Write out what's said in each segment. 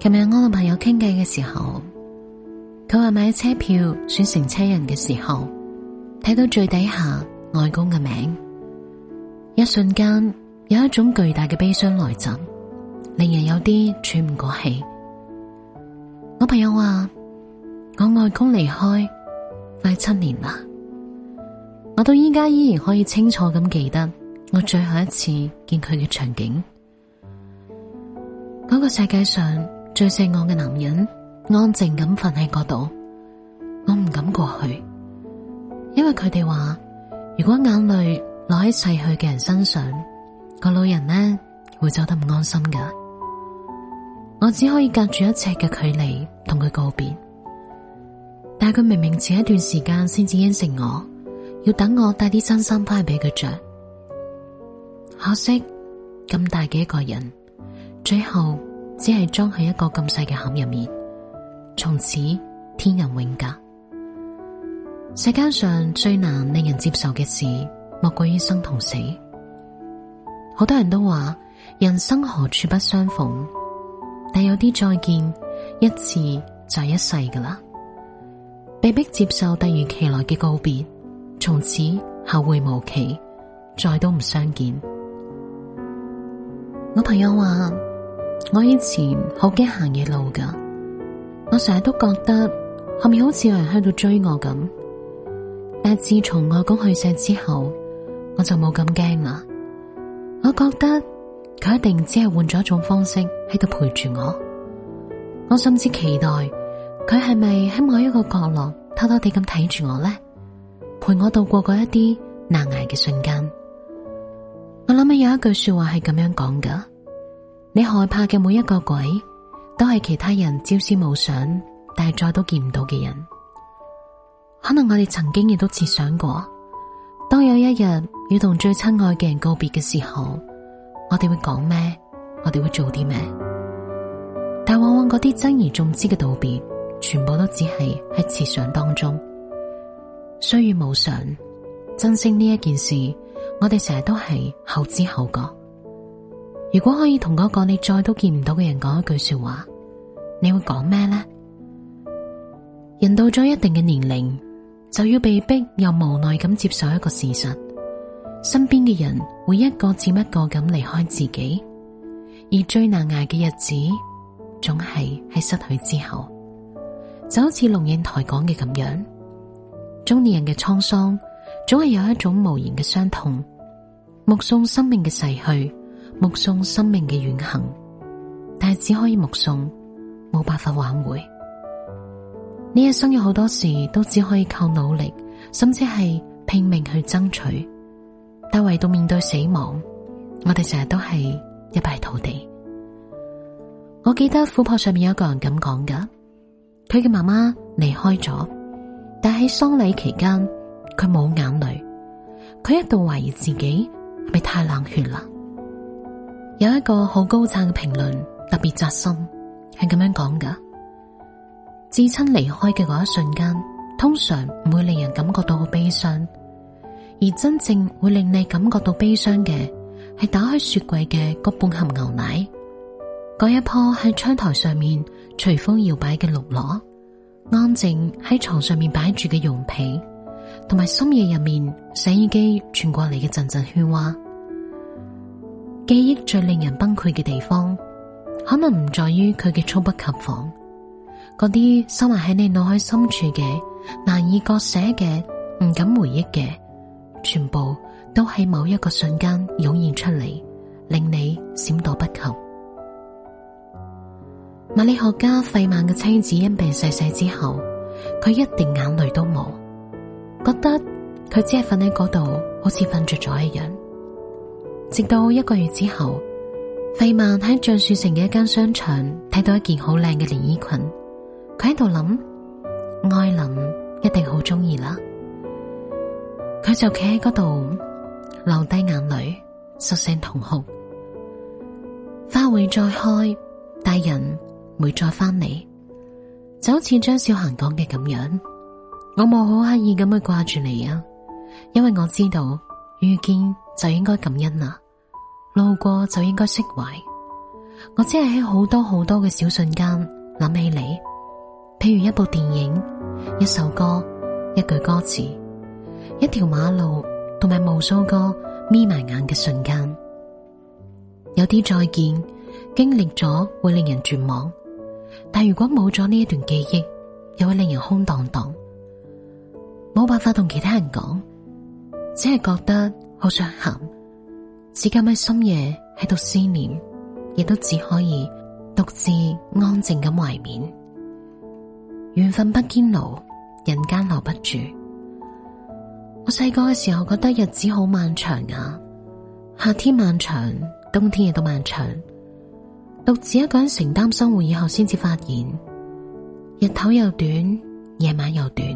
琴日我同朋友傾偈嘅時候，佢話買車票選乘車人嘅時候，睇到最底下外公嘅名，一瞬間有一種巨大嘅悲傷來襲，令人有啲喘唔過氣。我朋友話：我外公離開快七年啦，我到依家依然可以清楚咁記得我最後一次見佢嘅場景。嗰個世界上。最錫我嘅男人安靜咁瞓喺嗰度，我唔敢過去，因為佢哋話如果眼淚落喺逝去嘅人身上，個老人呢會走得唔安心噶。我只可以隔住一尺嘅距離同佢告別，但係佢明明前一段時間先至應承我要等我帶啲新衫翻去俾佢着，可惜咁大嘅一個人最後。只係裝喺一個咁細嘅盒入面，從此天人永隔。世界上最難令人接受嘅事，莫過於生同死。好多人都話人生何處不相逢，但有啲再見一次就一世㗎喇。被迫接受突如其來嘅告別，從此後會無期，再都唔相見。我朋友話。我以前好驚行夜路噶我成日都覺得後面好似有人喺度追我咁。但係自從外公去世之後，我就冇咁驚啦。我覺得佢一定只係換咗一種方式喺度陪住我。我甚至期待佢係咪喺某一個角落偷偷地咁睇住我咧，陪我度過嗰一啲難挨嘅瞬間。我諗起有一句說話係咁樣講噶你害怕嘅每一個鬼，都係其他人朝思暮想，但係再都見唔到嘅人。可能我哋曾經亦都設想過，當有一日要同最親愛嘅人告別嘅時候，我哋會講咩？我哋會做啲咩？但往往嗰啲鄭而重之嘅道別，全部都只係喺設想當中，雖然無常，珍惜呢一件事，我哋成日都係後知後覺。如果可以同嗰個你再都見唔到嘅人講一句說話，你會講咩呢？人到咗一定嘅年齡，就要被逼又無奈咁接受一個事實：身邊嘅人會一個接一個咁離開自己，而最難捱嘅日子，總係喺失去之後。就好似龍應台講嘅咁樣，中年人嘅滄桑，總係有一種無言嘅傷痛，目送生命嘅逝去。目送生命嘅遠行，但係只可以目送，冇辦法挽回。呢一生有好多事都只可以靠努力，甚至係拼命去爭取，但唯獨面對死亡，我哋成日都係一敗塗地。我記得琥珀上面有一個人咁講噶，佢嘅媽媽離開咗，但喺喪禮期間，佢冇眼淚，佢一度懷疑自己係咪太冷血啦。有一個好高贊嘅評論特別扎心，係咁樣講噶：至親離開嘅嗰一瞬間，通常唔會令人感覺到好悲傷，而真正會令你感覺到悲傷嘅，係打開雪櫃嘅嗰半盒牛奶，嗰一棵喺窗台上面隨風搖擺嘅綠蘿，安靜喺床上面擺住嘅絨被，同埋深夜入面洗衣機傳過嚟嘅陣陣喧嘩。記憶最令人崩潰嘅地方，可能唔在於佢嘅猝不及防，嗰啲收埋喺你腦海深處嘅、難以割捨嘅、唔敢回憶嘅，全部都喺某一個瞬間湧現出嚟，令你閃躲不及。物理學家費曼嘅妻子因病逝世之後，佢一滴眼淚都冇，覺得佢只係瞓喺嗰度，好似瞓着咗一樣。直到一個月之後，費曼喺橡樹城嘅一間商場睇到一件好靚嘅連衣裙，佢喺度諗，愛琳一定好中意啦。佢就企喺嗰度，流低眼淚，失聲痛哭。花會再開，大人會再翻嚟，就好似張小嫻講嘅咁樣，我冇好刻意咁去掛住你啊，因為我知道遇見就應該感恩啊。路過就應該釋懷，我只係喺好多好多嘅小瞬間諗起你，譬如一部電影、一首歌、一句歌詞、一條馬路同埋無數個眯埋眼嘅瞬間。有啲再見經歷咗會令人絕望，但如果冇咗呢一段記憶，又會令人空蕩蕩，冇辦法同其他人講，只係覺得好想喊。只咁喺深夜喺度思念，亦都只可以獨自安靜咁懷緬。緣分不堅牢，人間留不住。我細個嘅時候覺得日子好漫長啊，夏天漫長，冬天亦都漫長。獨自一個人承擔生活以後，先至發現日頭又短，夜晚又短，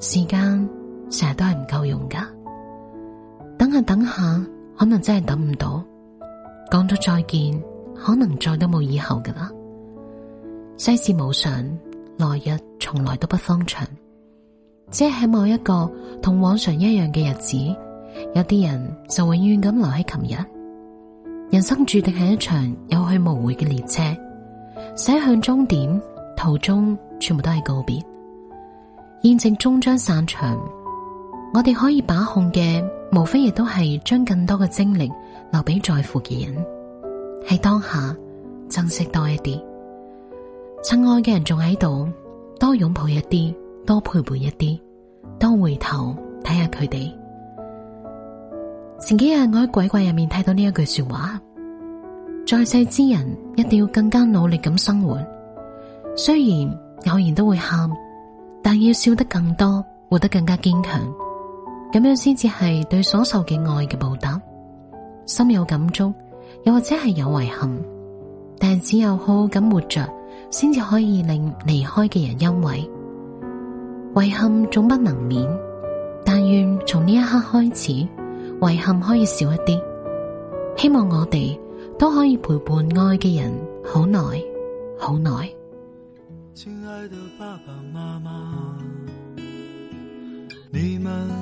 時間成日都係唔夠用噶。等下，等下。可能真係等唔到，講咗再見，可能再都冇以後噶啦。世事無常，來日從來都不方長。只係喺某一個同往常一樣嘅日子，有啲人就永遠咁留喺琴日。人生注定係一場有去無回嘅列車，駛向終點，途中全部都係告別。宴席終將散場，我哋可以把控嘅。無非亦都係將更多嘅精力留俾在乎嘅人，喺當下珍惜多一啲，親愛嘅人仲喺度，多擁抱一啲，多陪伴一啲，多回頭睇下佢哋。前幾日我喺鬼怪入面睇到呢一句說話，在世之人一定要更加努力咁生活，雖然偶然都會喊，但要笑得更多，活得更加堅強。咁樣先至係對所受嘅愛嘅報答，心有感觸，又或者係有遺憾，但只有好好咁活着，先至可以令離開嘅人欣慰。遺憾總不能免，但願從呢一刻開始，遺憾可以少一啲。希望我哋都可以陪伴愛嘅人好耐，好耐。親愛嘅爸爸媽媽，你們。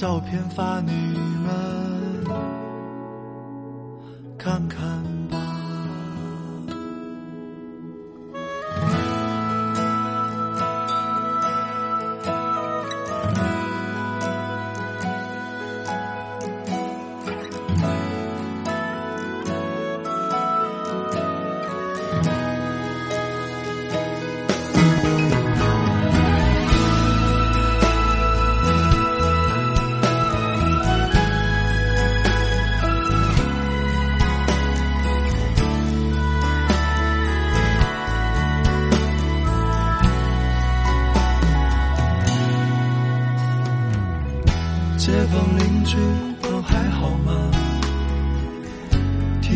照片發你們看看。